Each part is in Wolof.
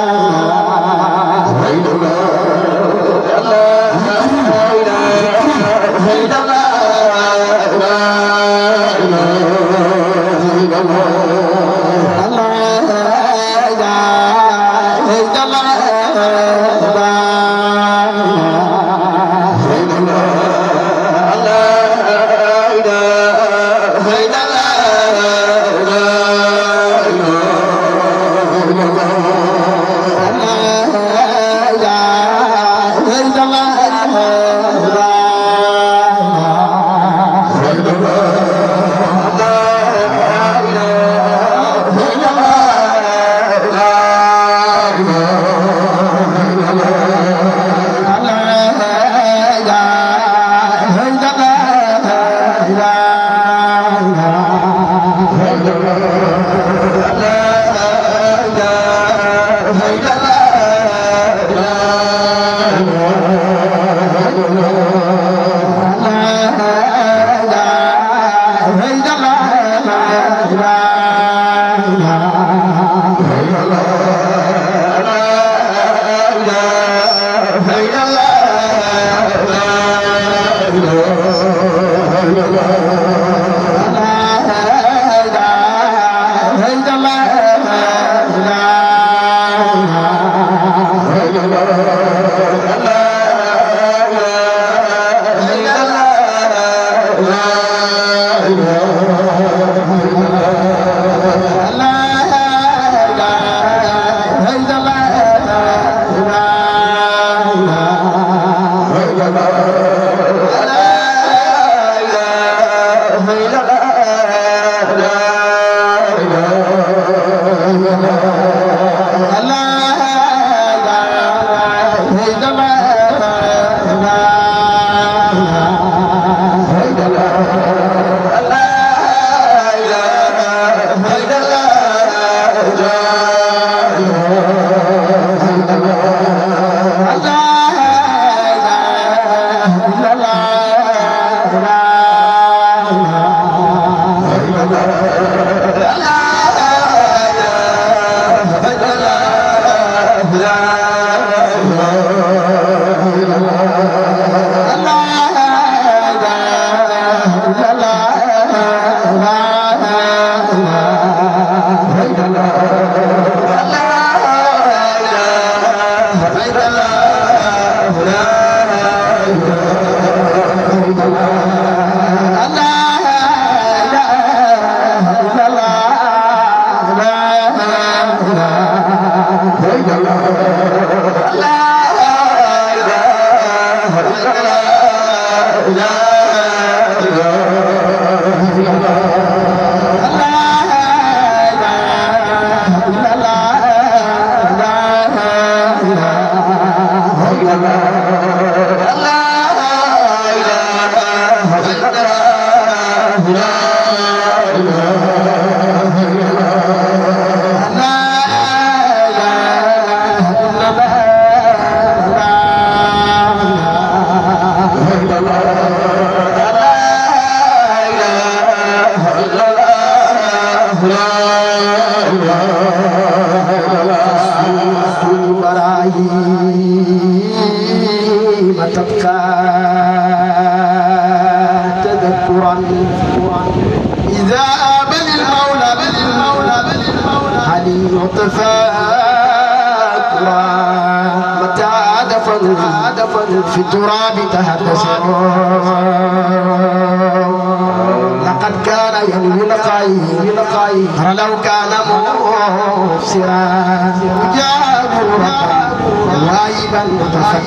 رينا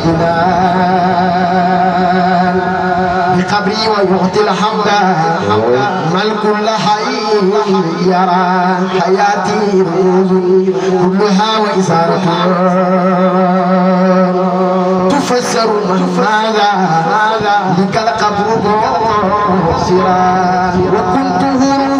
الجنان بقبري ويعطي الحمد بل كل حي يرى حياتي كلها وإثارة تفسر ماذا لك القبر بصرا وكنت هروب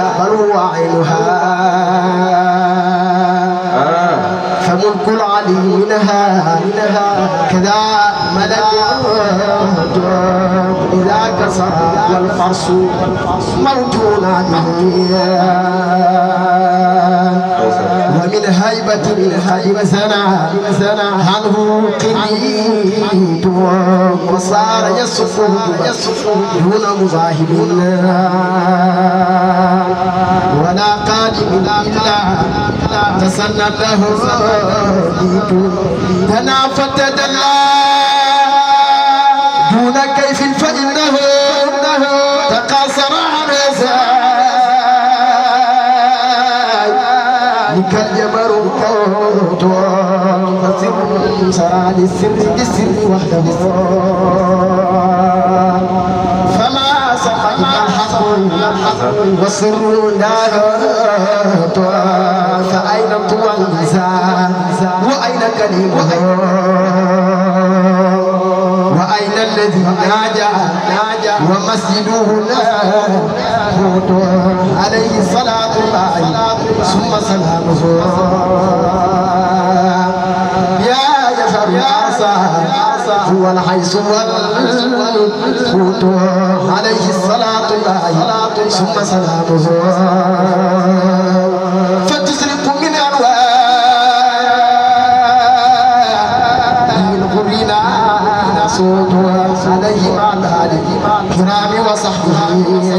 دهر وعينها فملك العلي منها منها كذا ملك إذا كسر والفرس مرجون عليه الهيبة الهيبة سنا عنه قريب وصار يصف دون مزاحم ولا قادم إلا تسنى له تنافت دلا دونك للسر بالسر وحده فما سقط الحصر والسر لا فأين طوى المزاج وأين كلمه وأين الذي ناجى ناجى ومسجده لا عليه صلاة الله ثم سلامه هو الحيس والحوت عليه الصلاة الله ثم سلامه فتزرق من أنواع الغرين صوت عليه مع الآل كرام وصحبه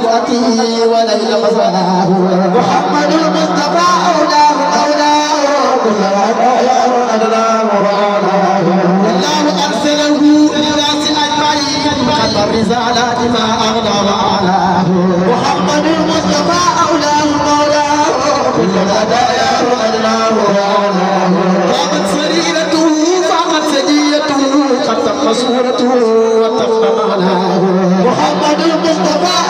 وذاته وليل مثناه محمد المصطفى أولاه أولاه كل أدناه وأعلاه الله أرسله للناس أجمعين قد الرسالة ما أغنى وأعلاه محمد المصطفى أولاه مولاه كل أدناه وأدناه وأعلاه قامت سريرته فاقت سجيته قد تم صورته وتم معناه محمد المصطفى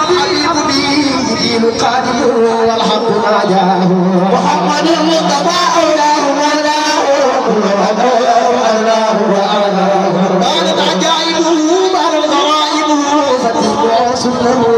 الدين قادم والحق ناجاه محمد المصطفى أولاه مولاه أولاه أولاه وأعلاه كانت عجائبه بل غرائبه فتتبع سنه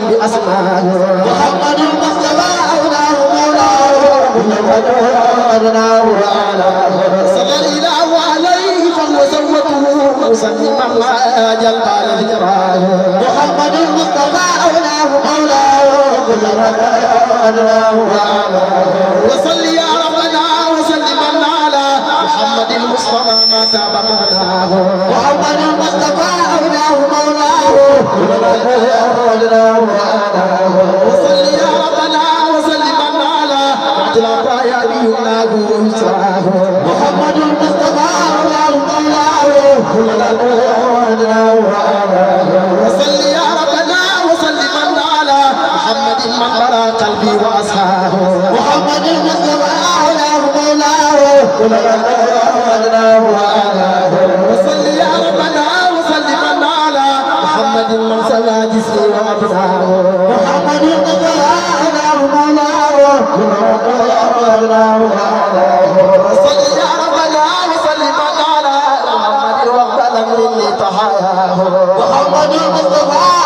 بأسمائه محمد المصطفى أولاه مولاه محمد أدناه وأعلاه صلى الإله عليه فهو سوته مسلما وأجل قال ذكراه محمد المصطفى أولاه مولاه محمد أدناه وأعلاه وصلي على محمد المصطفى ما تاب مهداه وأول المصطفى أولاه مولاه وصل يا ربنا وسلم على عبد يا يمناه ويسراه محمد المصطفى أولاه مولاه وصل يا ربنا وسلم على محمد من برا قلبي وأصحابه محمد المصطفى مولاه ولنا وعدناه وعلاه وصل يا ربنا وسلم على محمد من صلى جسمي وابصاره محمد قضاءنا مولاه ولنا وعدناه وعلاه وصل يا ربنا وسلم على محمد وقد مني تحياه محمد المصطفى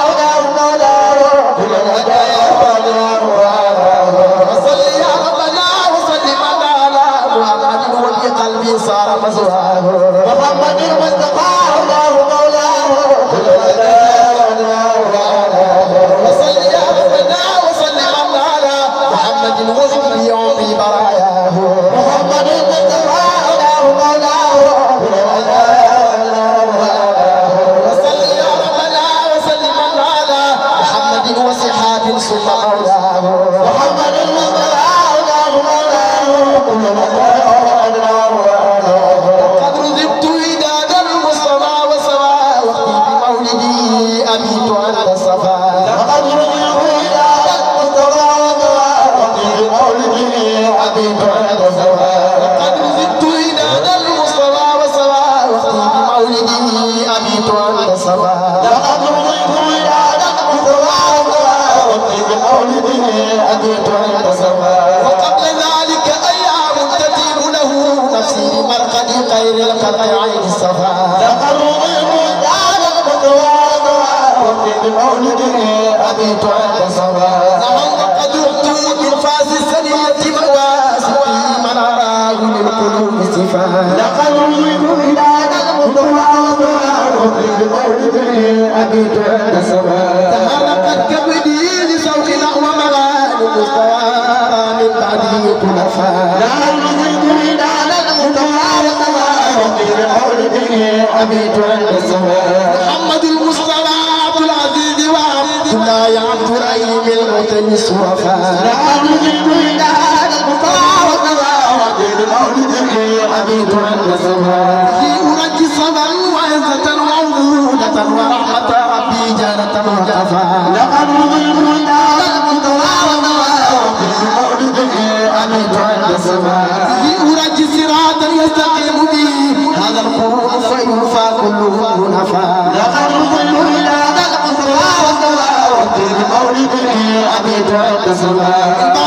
المستعان بعده خلفاء لا نزيد هلال المتوار سواء غير مولده أبيت عند السواء محمد المصطفى عبد العزيز وعبد الله يا عبد الرحيم المتن السوفاء لا نزيد هلال المتوار سواء غير مولده أبيت عند السواء في أرج صبا وعزة وعودة ورحمة ربي جارة مرتفعة والسماء أرج صراطا يستقيم به هذا القرآن فيوفى كله نفا لقد ظلوا إلى ذا القصوى والسماء والطيب مولد به عبيد والسماء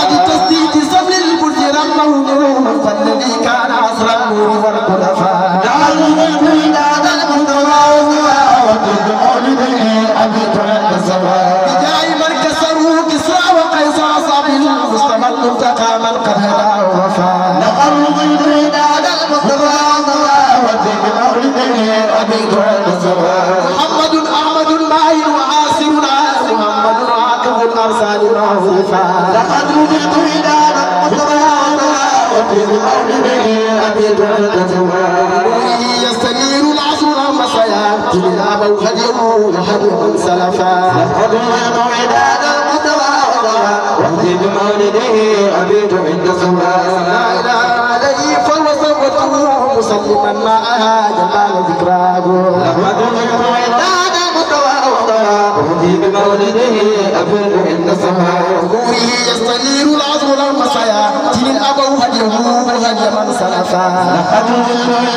وبه يستنير العظم والمصايا تنين أبو هديه هدي من سلفا لقد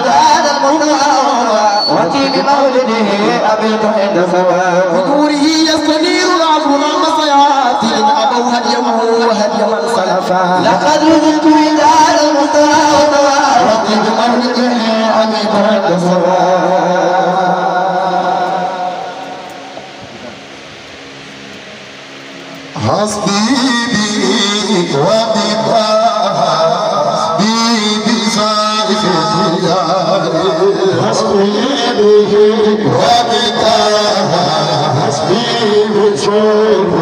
هذا المولى وفي بمولده أبيت عند سوا بدوره يستنير العظم والمصايا تنين أبو هديه هدي من سلفا لقد وجدت إدار المصطفى وفي بمولده أبيت عند سوا Oh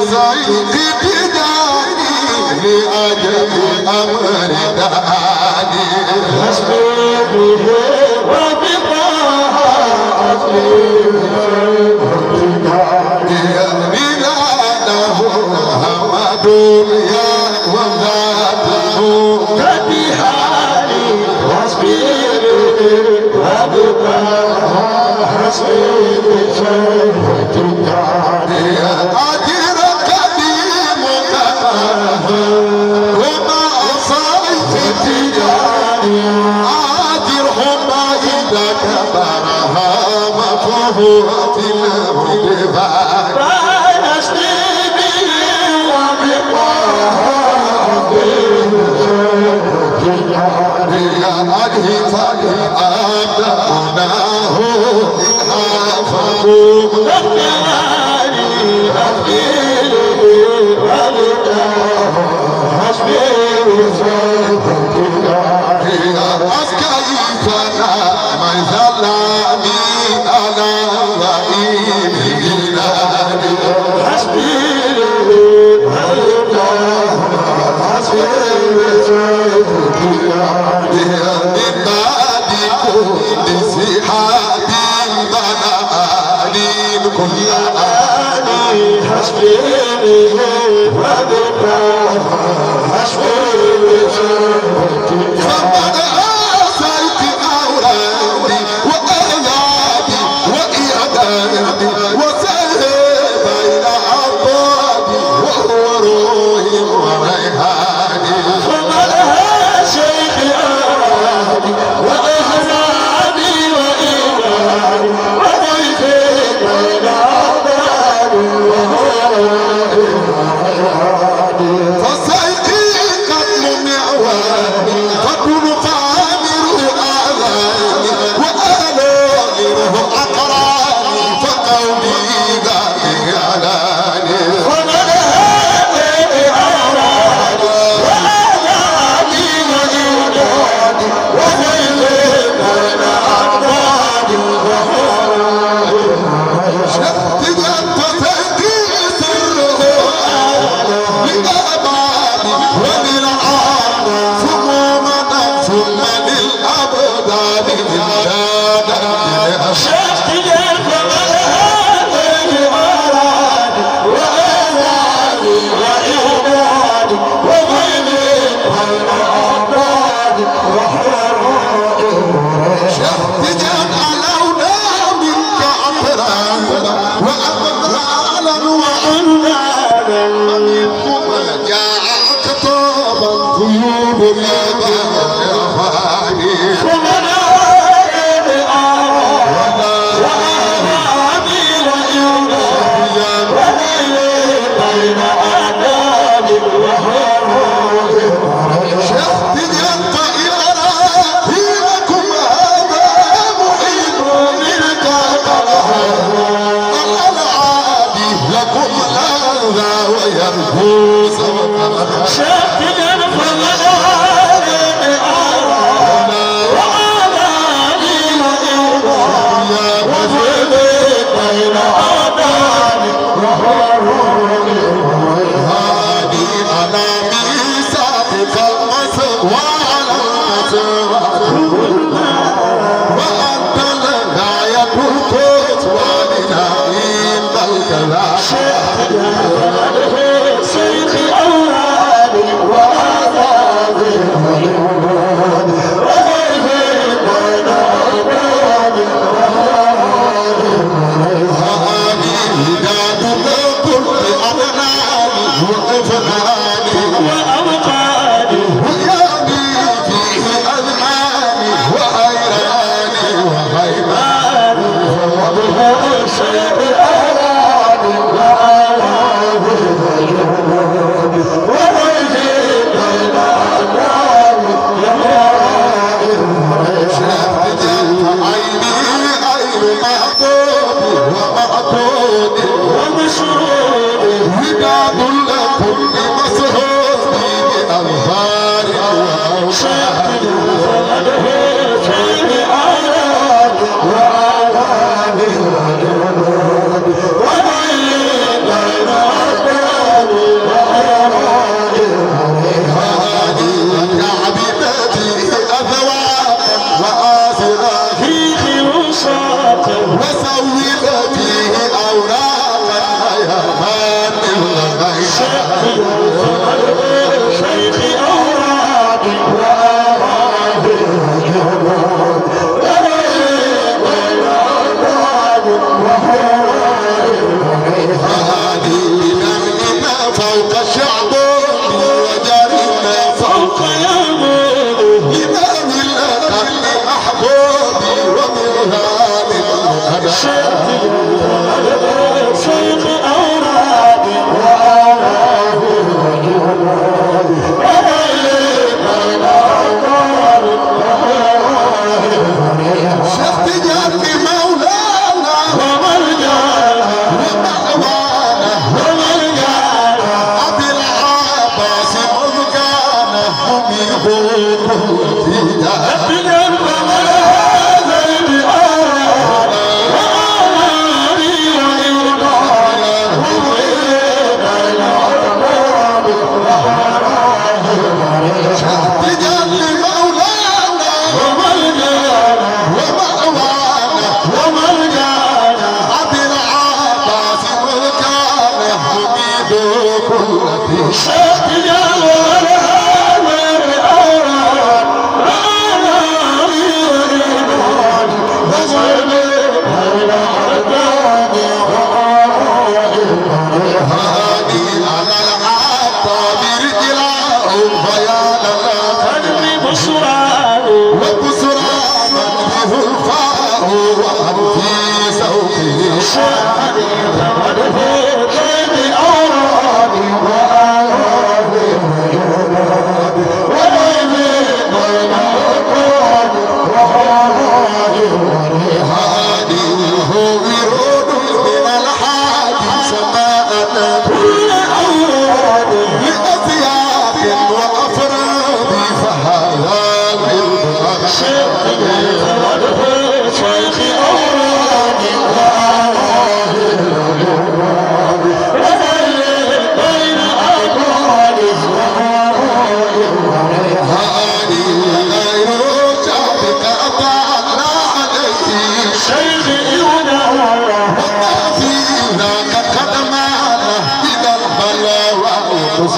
زيد بداني لأجل أمر داني حسبي به وبطاها أصلي دنيا وذاته كبحالي حسبي به وبطاها حسبي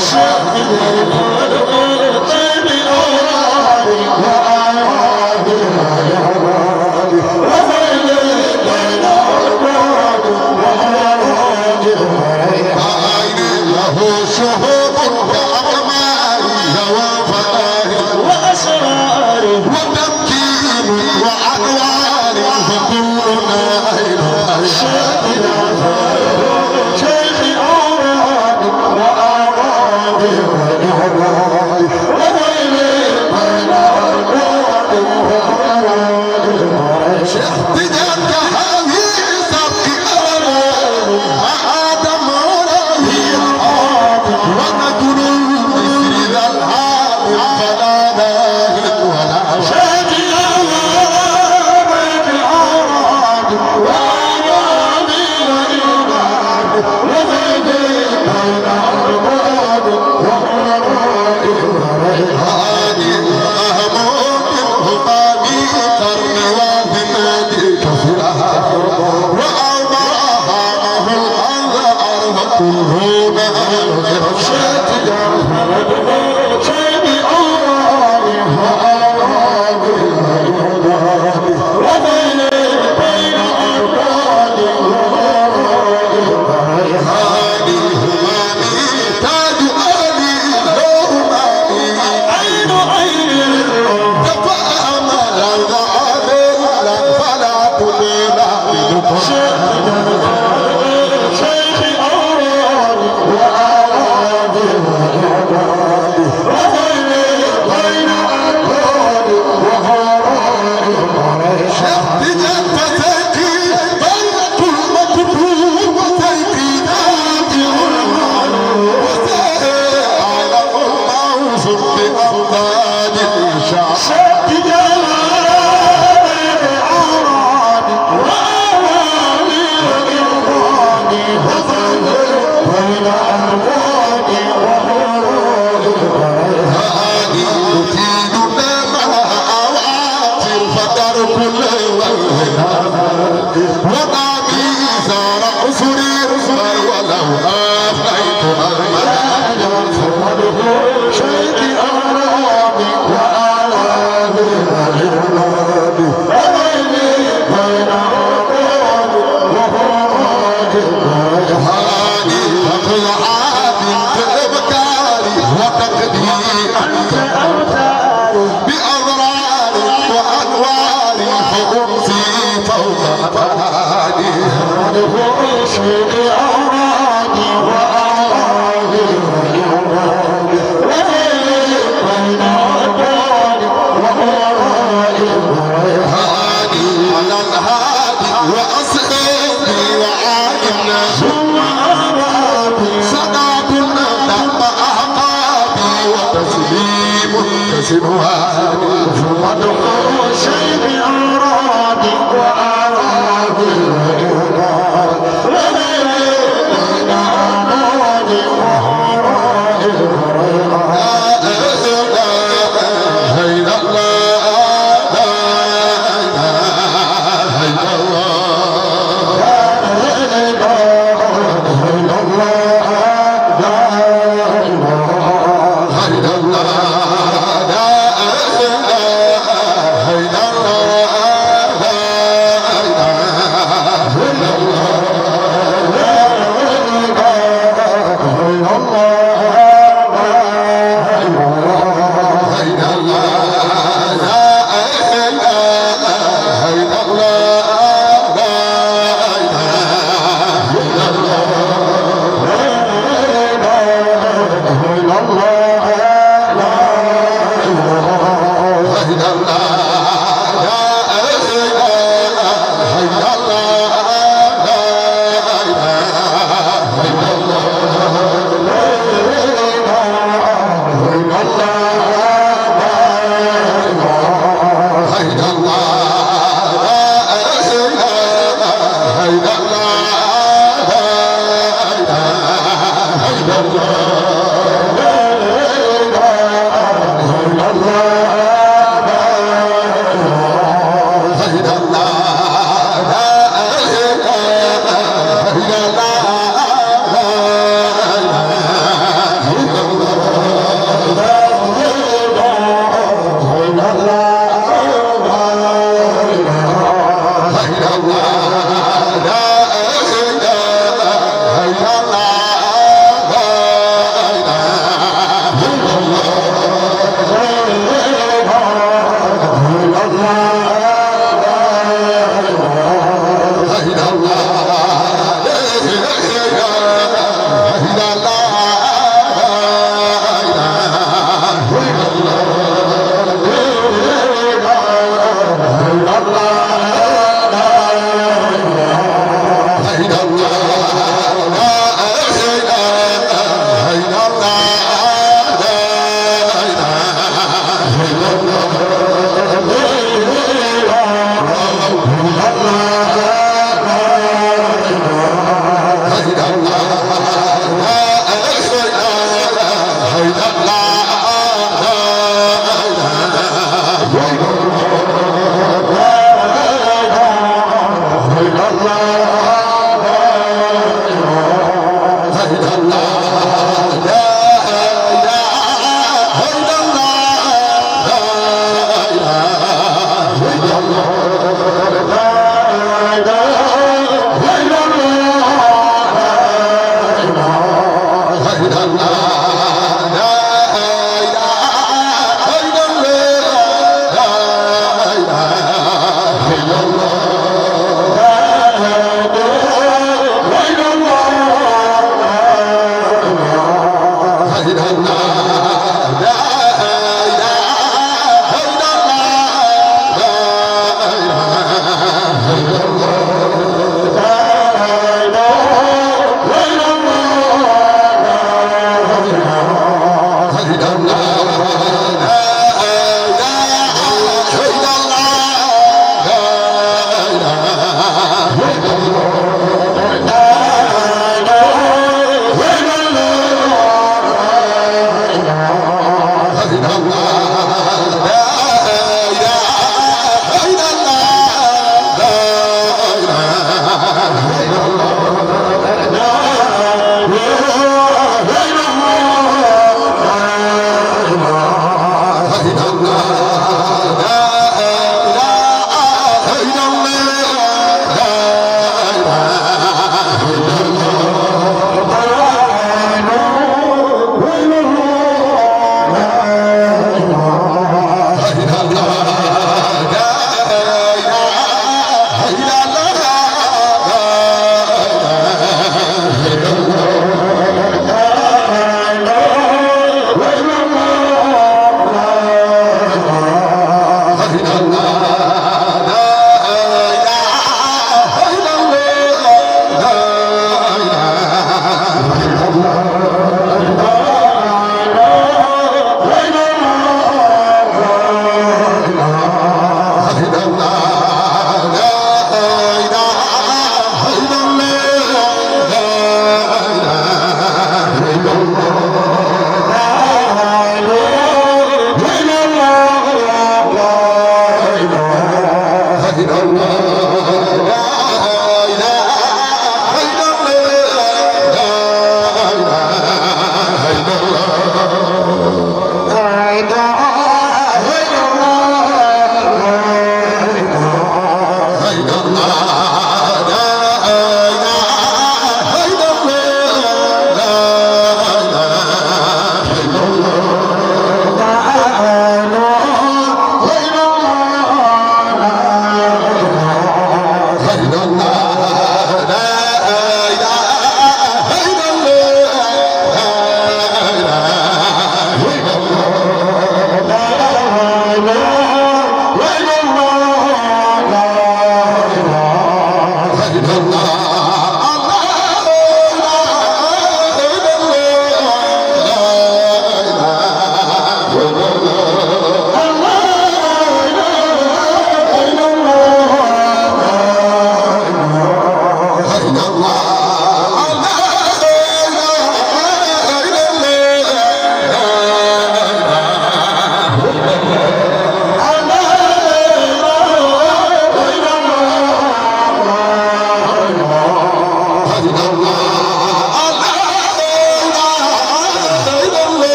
Shall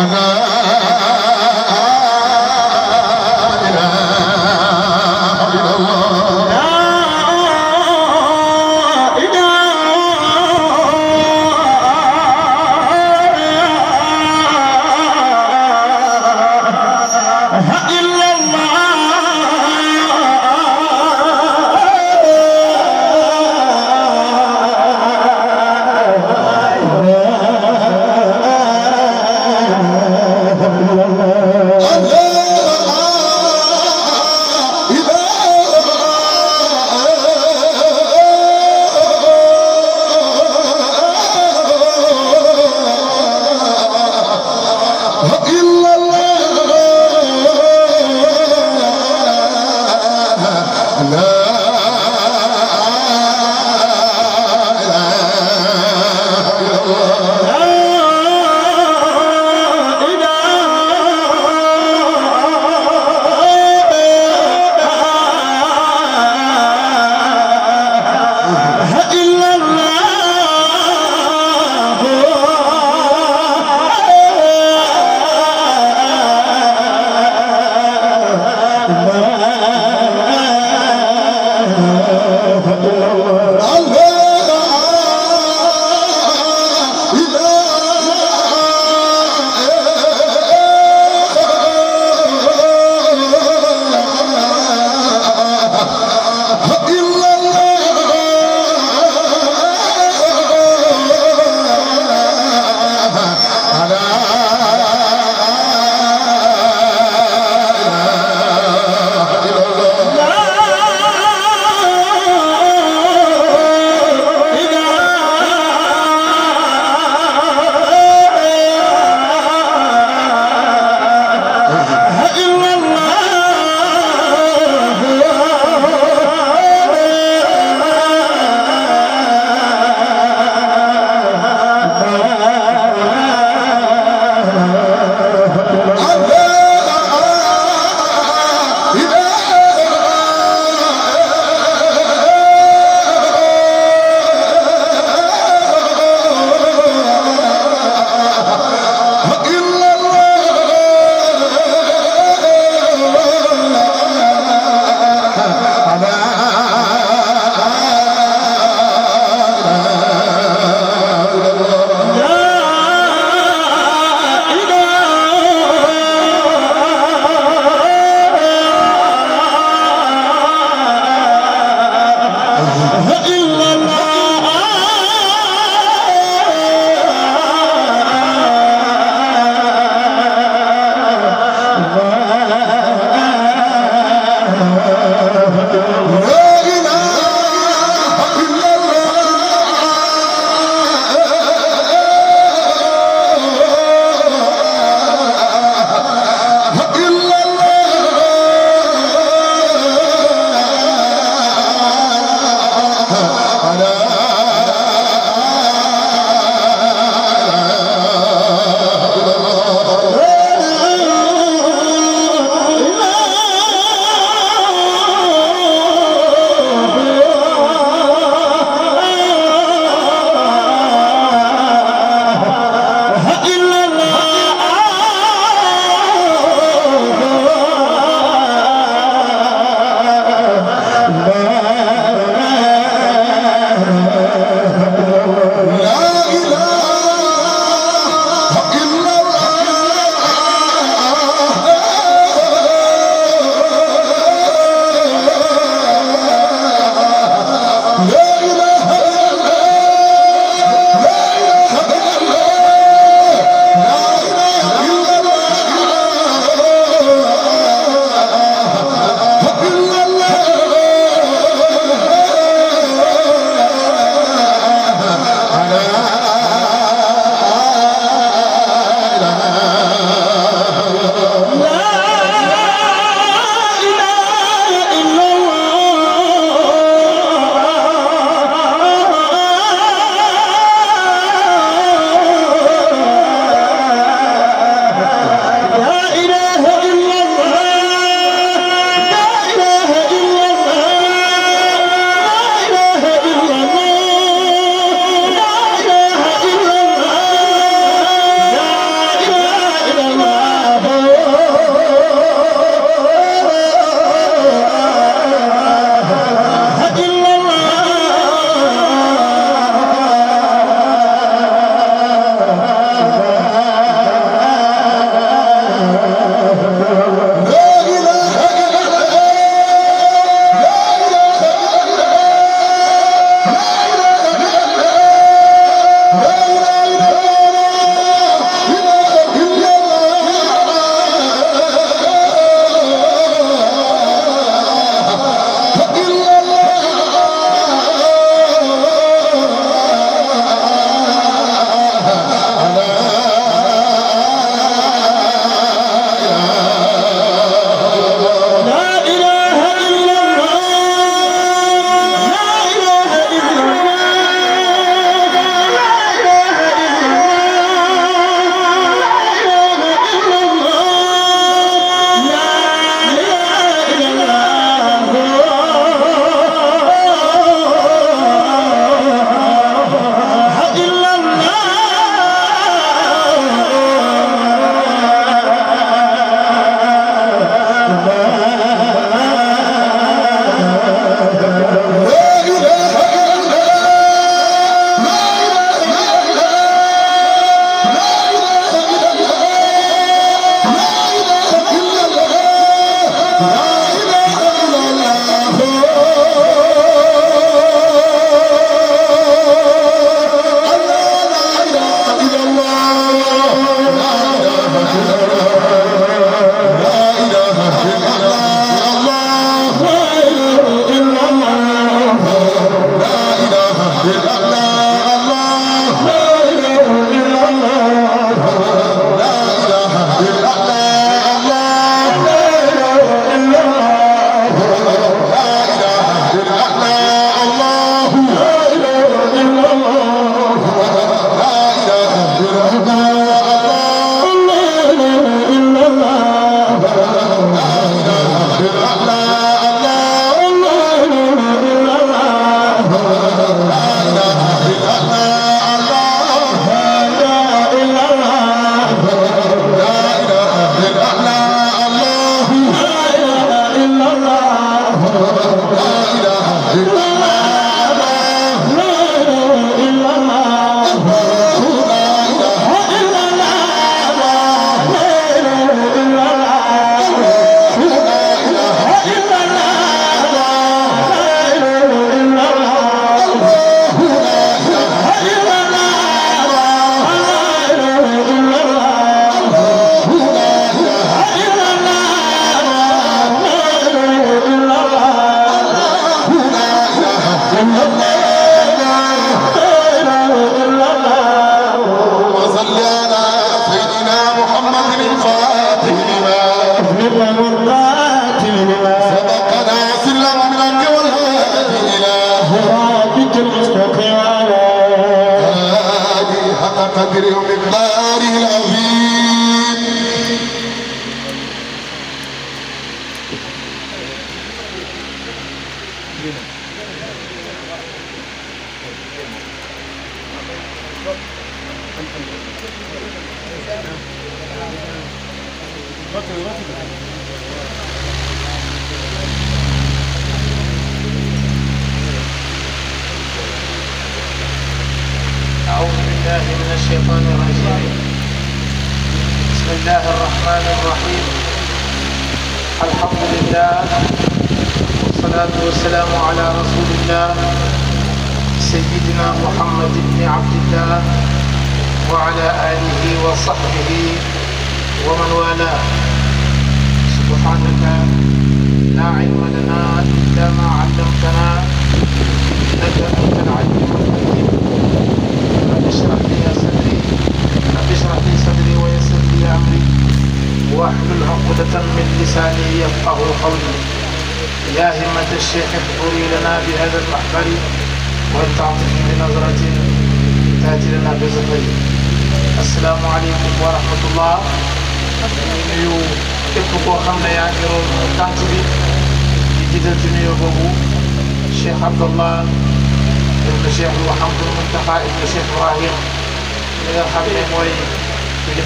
ana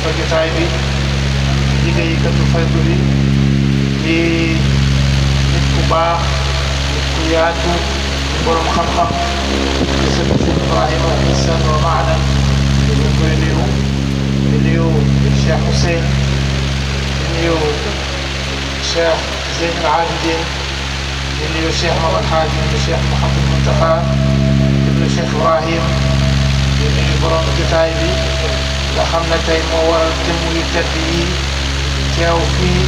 fa jotaay bi liggéeykatu faydu bi di nit ku baax nit ku yaatu di borom xam-xam di sëñ Ibrahima Isan wa maana ñu koy nuyu di nuyu Cheikh Hussein di nuyu Cheikh Zeyn al Abidin di nuyu Cheikh Mamad Xaaji di nuyu Cheikh Mouhamadou Mountakha di nuyu Cheikh Ibrahim di nuyu borom jotaay bi nga xam ne tey moo waral jëmm yu tedd yi teew fii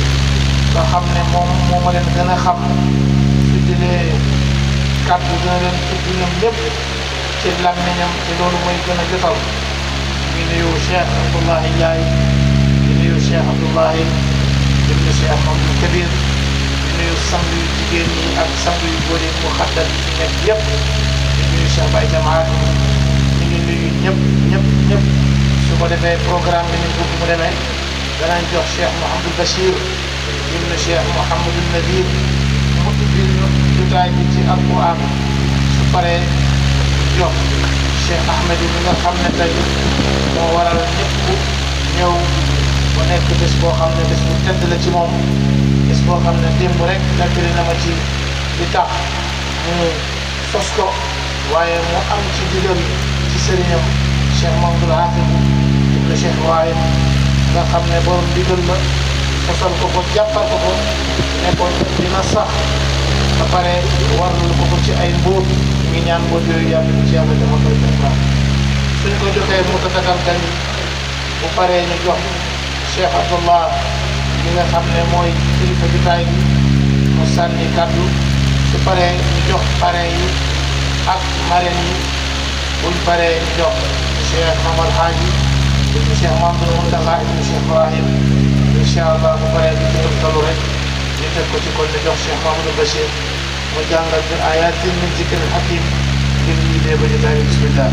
nga xam ne moom moo ma leen gën a xam su jëlee kàddu dina leen tudd ñoom lépp ci làmmiñam te loolu mooy gën a jotal ñu nuyu Cheikh Abdoulahi Ndiaye ñu nuyu Cheikh Abdoulahi ibnu Cheikh Mamadou Kabir ñu nuyu sang yu jigéen ñi ak sang yu góor yi mu xaddal yi nekk yépp ñu nuyu Cheikh Baye Jamaat ñu ngi nuyu ñëpp ñëpp ñëpp su ko defee programme bi ñu bëgg mu demee danañ jox Cheikh Mouhamadou Bachir ibn Cheikh Mouhamadou Nadir mu ubbil ñu jotaay bi ci alquran su paree jox Cheikh Ahmed yi nga xam ne tey moo waral ñëpp ñëw bu nekk bés boo xam ne bés bu tedd la ci moom bés boo xam ne démb rek nettali na ma ci li tax mu sos ko waaye mu am ci digal ci sëriñam Cheikh Mamadou Hafid de Cheikh waaye nga xam ne borom digal la xesal ko ko jàppal ko ko ne ko dina sax ba pare warlu ci ay mbóot ngi ñaan mbóot yooyu yàlla ci yàlla dafa koy defar suñ mu tëtëgal gan bu paree ñu jox Cheikh Abdallah mi nga xam ne mooy kilifa jotaay bi mu sànni kàddu su paree ñu jox yi ak marraine yi buñ paree ñu jox Cheikh Mamadou Cheikh Mamadou Mountakha ibn Cheikh Ibrahim incha allah bu paree di tëjal rek ñu teg ko ci kon di mu jàngal bi ayatin min zikri hakim ngir ñu dee ba jotaay bismillah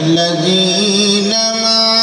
والذين معه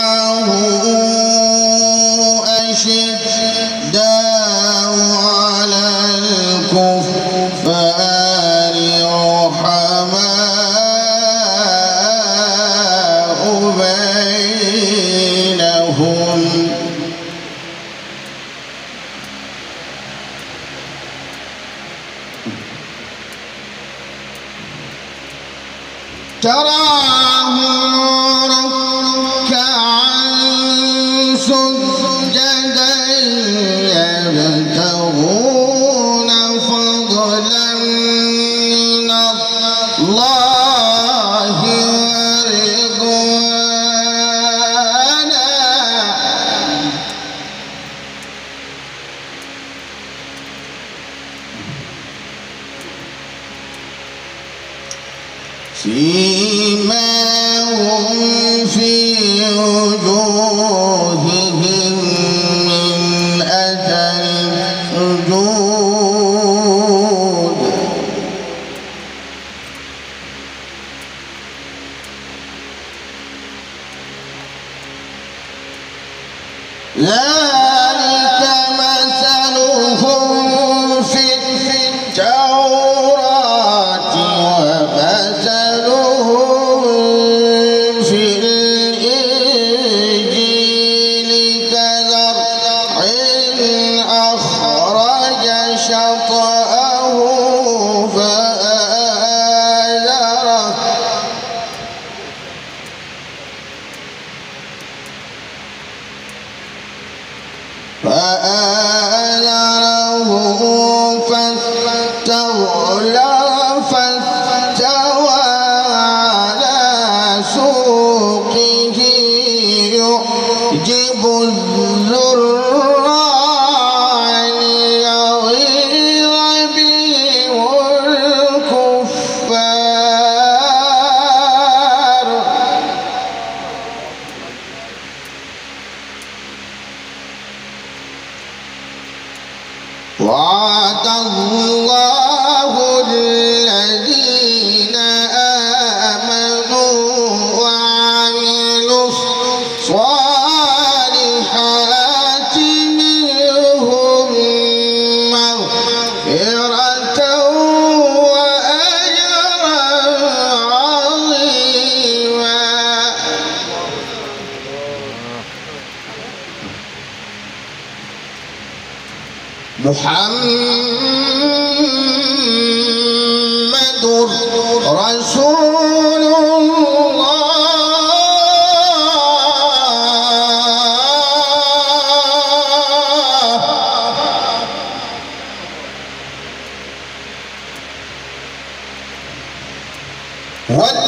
What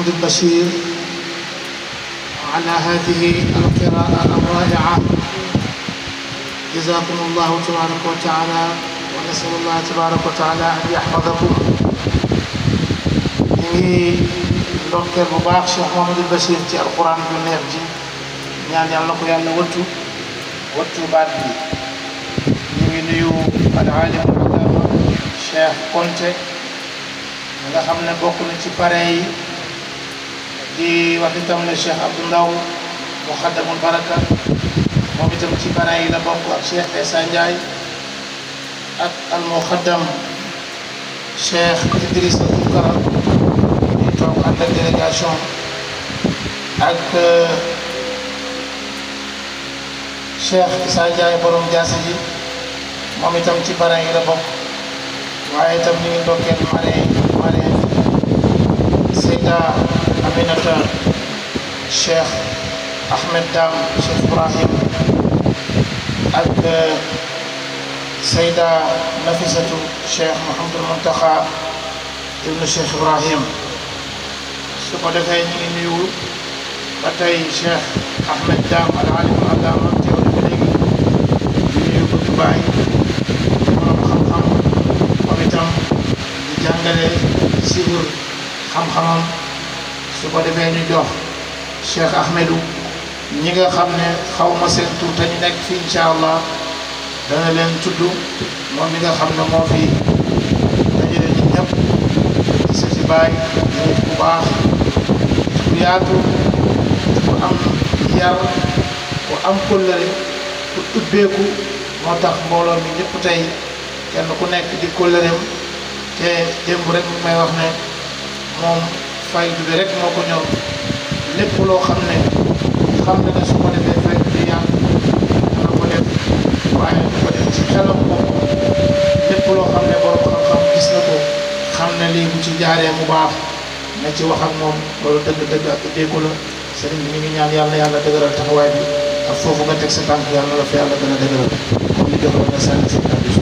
محمود البشير على هذه القراءة الرائعة جزاكم الله تبارك وتعالى ونسأل الله تبارك وتعالى أن يحفظكم ñi ndokkeel bu baax Cheikh Mouhamadou Bachir ci alquran bu neex ji ñaan yàlla ko yàlla wattu wattu baat bi ñu ngi nuyu al alim Cheikh Konte nga xam ne bokk na ci pare yi di wax itam ne Cheikh Abdou Ndaw mu xaddamul baraka moom itam ci parents yi la bokk ak Cheikh Essa Ndiaye ak al mu xaddam Cheikh toog ànd ak délégation ak euh, Cheikh Issa Ndiaye borom jaasa ji moom itam ci parents yi bokk waaye itam ñu ngi ndokkeel marraine Aminata Cheikh Ahmed Dam Cheikh Ibrahim ak eh, Sayda Nafisatu Cheikh Mouhamadul Muntaxa ibnu Cheikh Ibrahim su ko defee ñu ngi nuyu Ahmed Dam al alim al allama teew na ba léegi ñu nuyu ko Dubaay borom xam-xam su ko defee ñu jox Cheikh Ahmedou ñi nga xam ne xaw ma seen tur te ñu nekk fi incha allah dana leen tudd moom mi nga xam ne moo fi dajale ñi ñëpp di sa si baay nit am yar ku am kóllëre ku ubbeeku moo tax mbooloo mi ñëpp tey kenn ku nekk di kóllëreem te jëmb rek may wax ne moom faydu bi rek moo ko ñor lépp loo xam ne xam ne ne su ko defee faydu bi ko def waaye du ko def ci ko loo xam ne borom xam-xam gis na ko xam ne lii bu ci jaaree mu baax na ci wax ak moom loolu dëgg-dëgg ak déeku la sëriñ bi ñu ngi ñaan yàlla yàlla dëgëral taxawaay bi ak foofu nga teg sa yàlla la fa yàlla gën a dëgëral comme ni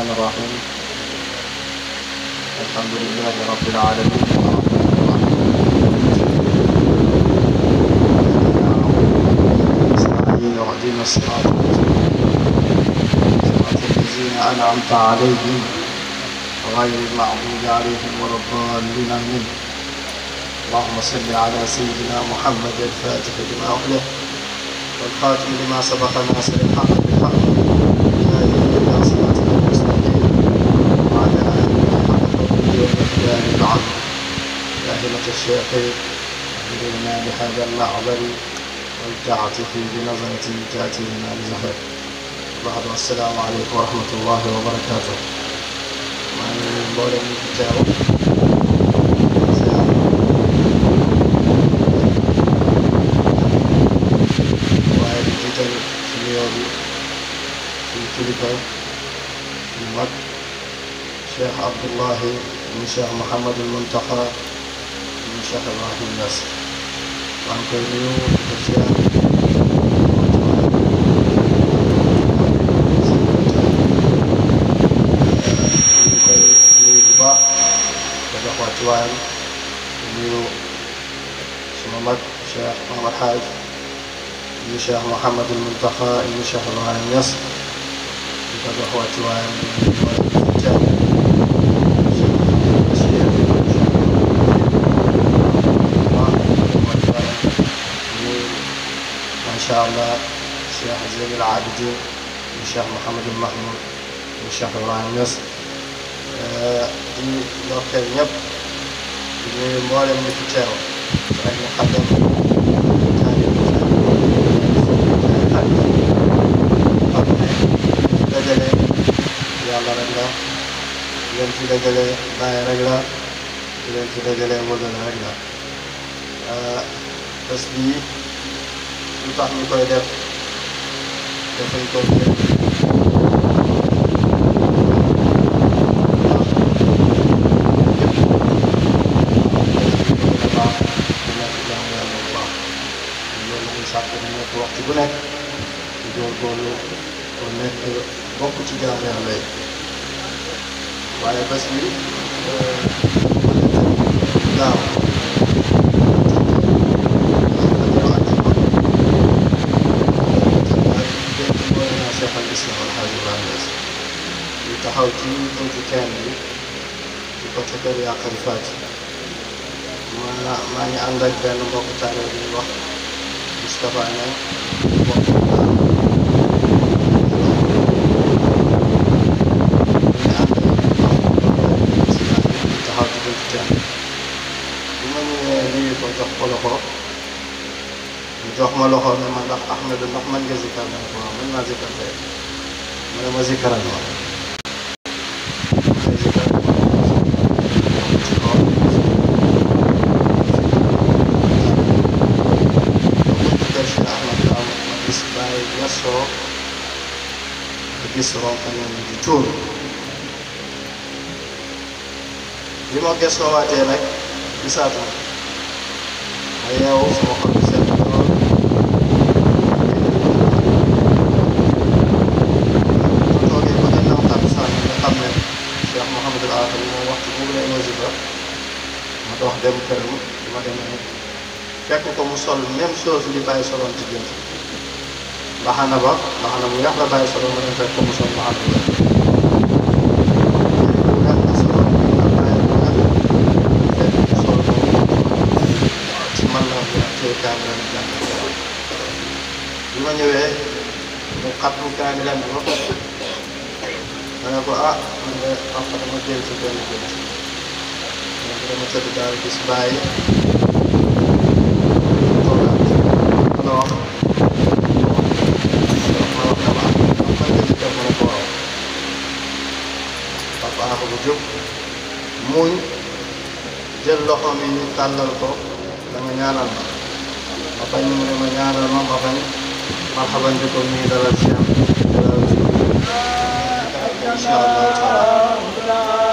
الرحمن الرحيم الحمد لله رب العالمين اهدنا الصراط صراط الذين أنعمت عليهم غير المغضوب عليهم ولا الضالين منهم اللهم صل على سيدنا محمد الفاتح لما أغلق والخاتم لما سبق ناصر الحق بالحق يا إلهي صلاتك الشيخ أهدينا بهذا المعبر والتعطف بنظرة تأتينا بزهر بعد والسلام عليكم ورحمة الله وبركاته maa ngi mboolem ñu fi teew waaye di jiital ci nuyoo bi suñu kilifa suñu mag Cheikh Abdullahi mu Cheikh Mouhamadul Muntaxa incha allah bu Ñas maa ngi koy nuyu di ko ziar ñu koy nuyu bu baax di jox wàccuwaayam di nuyu suma mag Cheikh Mahamad Haaj ñu Cheikh Mouhamadul Muntaxa ñu Cheikh Ibrahim Ñas di ko jox wàccuwaayam di nuyu شاء الله الشيخ زين العابدين والشيخ محمد المحمود والشيخ Ibrahima Niass di ñu ndokkeel ñëpp di nuyu mboolem ñu fi teew ak ñu xaddam dajale yàlla rek la leen fi dajale bàyyi rek la leen fi dajale wóor rek la bés bi lu tax ñu koy def defuñ ko waxtu bu nekk ci góorgóorlu bu nekk bokk ci jaamu yàlla yi waaye bés bi daaw taxaw ci buntu teen bi ci côté kër yaa Khady Faty ma maa ngi ànd ak benn mbokku taale bi ñuy wax Moustapha Niang mbokku taxaw ci buntu teen bi ma ñëwee nuyu ko jox ko loxo mu jox ma loxo ne ma ndax Ahmed ndax man nga zikkar ma ne ko waaw mën naa zikkar tey mu ne ma zikkaral ma ko di gis ronkañam di tuur bi ma gës ko waatee nag gisaatu ma yeewu sama xol bi sedd lool bu toogee ba gannaaw tàkkusaan xam ne Cheikh Mouhamadul Aadam moom waxtu boobu lay wasifa ma dox dem këram ma demee fekk ko mu sol même chose li bàyyi soloon ci gént mbaxana ba mbaxana mu weex la bàyyi solo ma dem fekk ko mu sol mbaxana bu weex bi ma ñëwee mu xatlu kaamilam bi ba pare ma ne ko ah man de papa dama génn si benn gént man dama tëdd daal gis bàyyi jël loxoom yi ñu tàllal ko dama ñaanal ma bañ mu ma ñaanal ma ma bañ marhaban bi ko muy dalal si am dalal si incha allahu